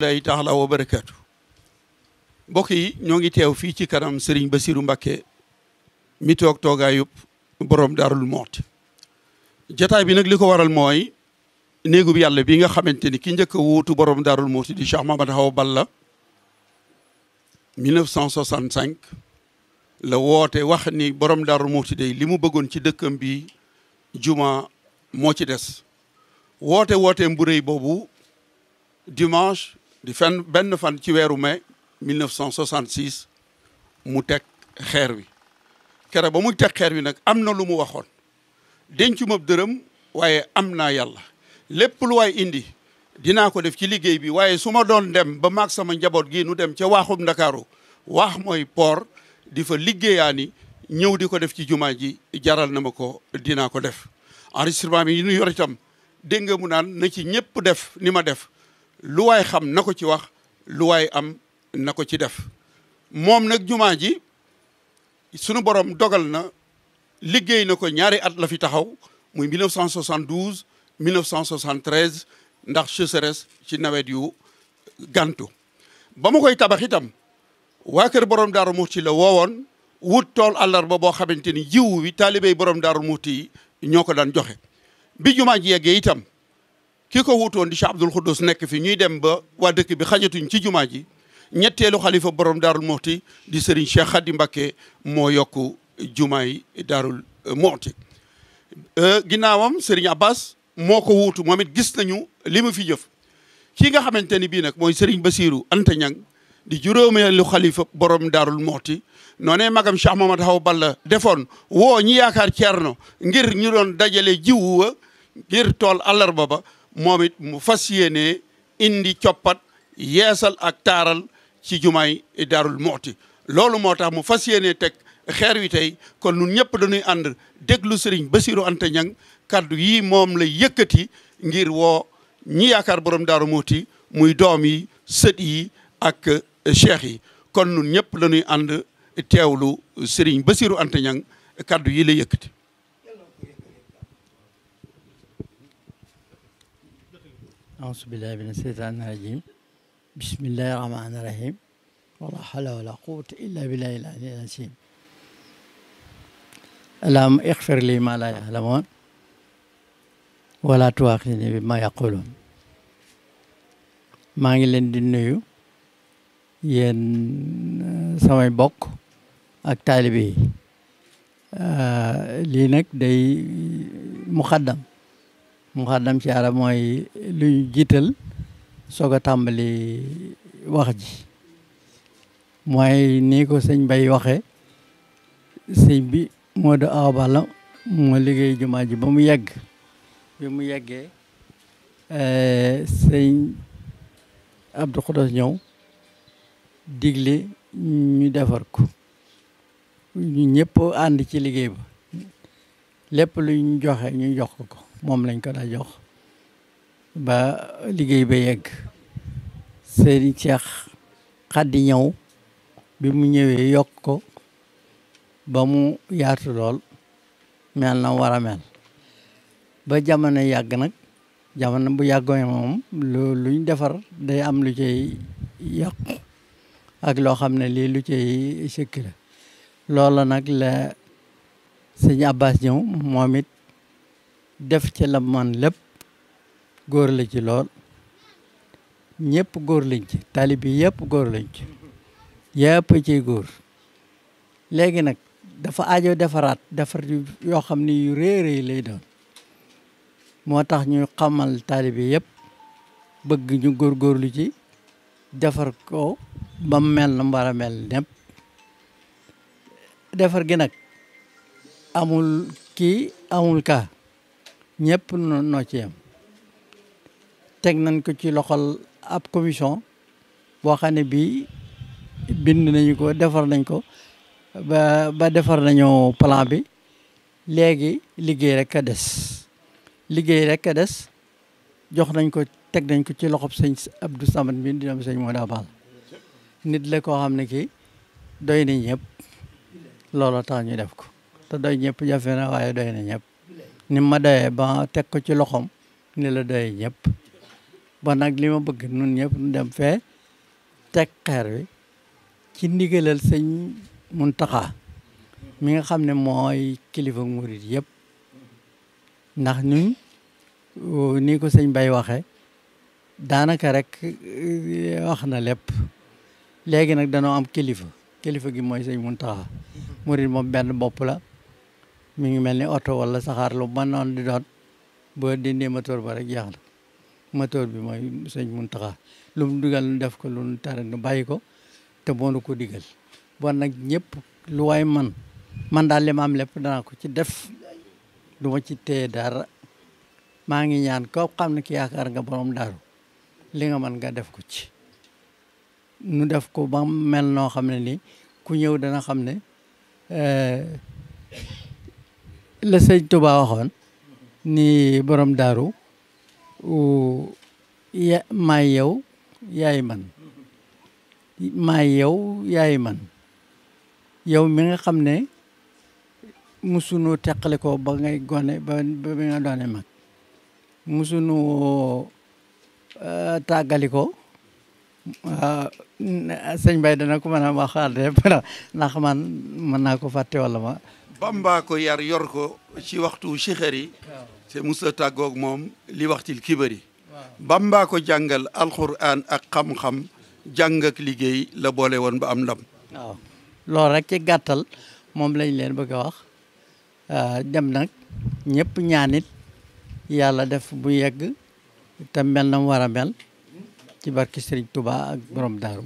lay taala wa barakaatu mbokk yi ñoo ngi teew fii ci kanam Serigne Bassirou Mbacké mi toog toogaayub borom Daarul Muhti jataay bi nag li ko waral mooy néegub yàlla bi nga xamante ni ki njëkk a wuutu borom Daarul Muhti di Cheikh Mamadou Hawa Balla 1965 la woote wax ni borom Daarul Muhti day li mu bëggoon ci dëkkam bi juma moo ci des woote woote bu boobu dimanche di fenn benn fan ci weeru mai 1966 mu teg xeer wi kere ba muy teg xeer wi nag am na lu mu waxoon dencuma dërëm waaye am naa yàlla lépp lu waay indi dinaa ko def ci liggéey bi waaye su ma doon dem ba maag sama njaboot gi nu dem ca waaxum ndakaaru waax mooy poor di fa liggéeyaani ñëw di ko def ci jumaa ji jaral na ma ko dinaa ko def enregistrement bi yi ñu yor itam dégg nga mu naan na ci ñëpp def ni ma def luwaay xam na ko ci wax lu waay am na ko ci def moom nag jumaa ji sunu borom dogal na liggéey na ko ñaari at la fi taxaw muy 1972 1973 ndax sécheresse ci nawet yu gàntu ba koy tabax itam waa kër borom daaru muxti la woowoon wut tool àllarba boo xamante ni jiwu wi taalibey borom daaru muxti yi ñoo ko daan joxe bi jumaa ji yeggee itam ki ko wuutoon di Cheikh Abdoul Khoudous nekk fi ñuy dem ba waa dëkk bi xajatuñ ci jumaa ji ñetteelu xalifa borom darul muxti di Serigne Cheikh Khady Mbacké moo yokku jumaay daarul muxti euh, ginnaawam Serigne Abbas moo ko wuutu moom it gis nañu li mu fi jëf ki nga xamante ni bii nag mooy sëriñ Bassirou Anta Niang di juróomeelu xalifa borom daarul muxti noonee magam Cheikh Mamadou Haw Balla defoon woo ñi yaakaar ceerno ngir ñu doon dajale jiwu wa ngir tool àllarba ba moom it mu fas yéenee indi coppat yeesal ak taaral ci jumaay Daarul mooti loolu moo tax mu fas yéenee teg xeer wi kon nun ñëpp dañuy ànd déglu sëriñ Basiru Anta Ñang kaddu yi moom la yëkkati ngir woo ñi yaakaar borom Daaru mooti muy doom yi sët yi ak cheikh yi kon nun ñëpp dañuy ànd teewlu sëriñ Basiru Anta Ñang kaddu yii la yëkkati aousubillahi mina seytaani rajim bismillahi rahmaani rahim wala hawla wala quwwata illa billahi al ali al azim allahumma ixfir li ma la yaxlamoon wala tuwaaxini bi ma yaquluun maa ngi leen di nuyu yéen euh, samay bokk ak taalibe yi euh, lii nag day muqaddam muqaddam ci arab mooy lu ñu jiital soog a tàmbali wax ji mooy nii ko sëñ bay waxe sëñ bi Modou Awa Balla moo liggéey jumaa ji ba mu yegg bi mu yeggee eh, sëñ Abdou Khoudous ñëw digle ñu defar ko ñu ñëpp ànd ci liggéey ba lépp luñ joxe ñu jox ko moom lañ ko daa jox ba liggéey ba yegg Serigne Cheikh Khady ñëw bi mu ñëwee yokk ko ba mu yaatu lool mel na war ba jamono yàgg nag jamono bu yàggoo moom lu luñ defar day am lu cay yàqu ak loo xam ne lii lu cay sëkk la nag la sëñ Abbas ñëw moom it def ci la man lépp góor la ci lool ñépp góor lañ ci taalib yi yëpp góor lañ ci yëpp ciy góor léegi nag dafa aajo defaraat defar yoo xam ni yu réeréy lay doon moo tax ñu xamal taalib yi yëpp bëgg ñu góorgóorlu ci defar ko ba mel na mbara mel népp defar gi nag amul kii amul kaa ñëpp noo ci yem teg nañ ko ci loxol ab commission boo xam bii bind nañu ko defar nañ ko ba ba defar nañu plan bi léegi liggéey rek a des liggéey rek a des jox nañ ko teg nañ ko ci loxob sëñ Abdou Samad bi nit la koo xam ne kii doy na ñëpp looloo tax ñu def ko te doy ñëpp jafe na waaye doy na ñëpp ni ma doyee ba teg ko ci loxoom ni la doyee ñëpp ba nag li ma bëgg nun ñëpp nu dem fee teg xeer wi ci ndigalal sëñ Muntaxa mi nga xam ne mooy kilifa murit yëpp ndax ñun ni ko sëñ Bay waxee daanaka rek eh, wax na lépp léegi nag danoo am kilifa kilifa gi mooy sëñ Muntaxa murit moom benn bopp la mi ngi mel ni oto walla saxaar lu mën noon di doon boo dindee moteur ba rek jeex na moteur bi mooy sëñ Muntaxa lu mu dugal nu def ko lu nu nu bàyyi ko te moo ko digal bon nag ñëpp lu waay man man daal li ma am lépp danaa ko ci def du ma ci téye dara maa ngi ñaan koo xam ne ki yaakaar nga borom daaru li nga mën nga def ko ci nu def ko ba mel noo xam ne nii ku ñëw dana xam ne eh, la sëñ Tuba waxoon ni borom daaru ya maay yow yaay man maay yow yaay man yow mi nga xam ne musunu teqale ko ba ngay gone ba bi nga doone mag musunu tàggali ko sëñ Baye dana ko mën a waxaat ndax man mën naa ko fàtte wala ma Bamba ko yar yor ko ci waxtu sixar yi te musa tàggoog moom li waxtil kibari Bamba ko jàngal alxuraan ak xam-xam jàng liggéey la boole woon ba am ndam waaw loolu rek ci gàttal moom lañ leen bëgg wax ah, dem nag ñëpp ñaanit yàlla def bu yegg te mel na mu war a mel ci barki Sëriñ Tuubaa ak borom Daaru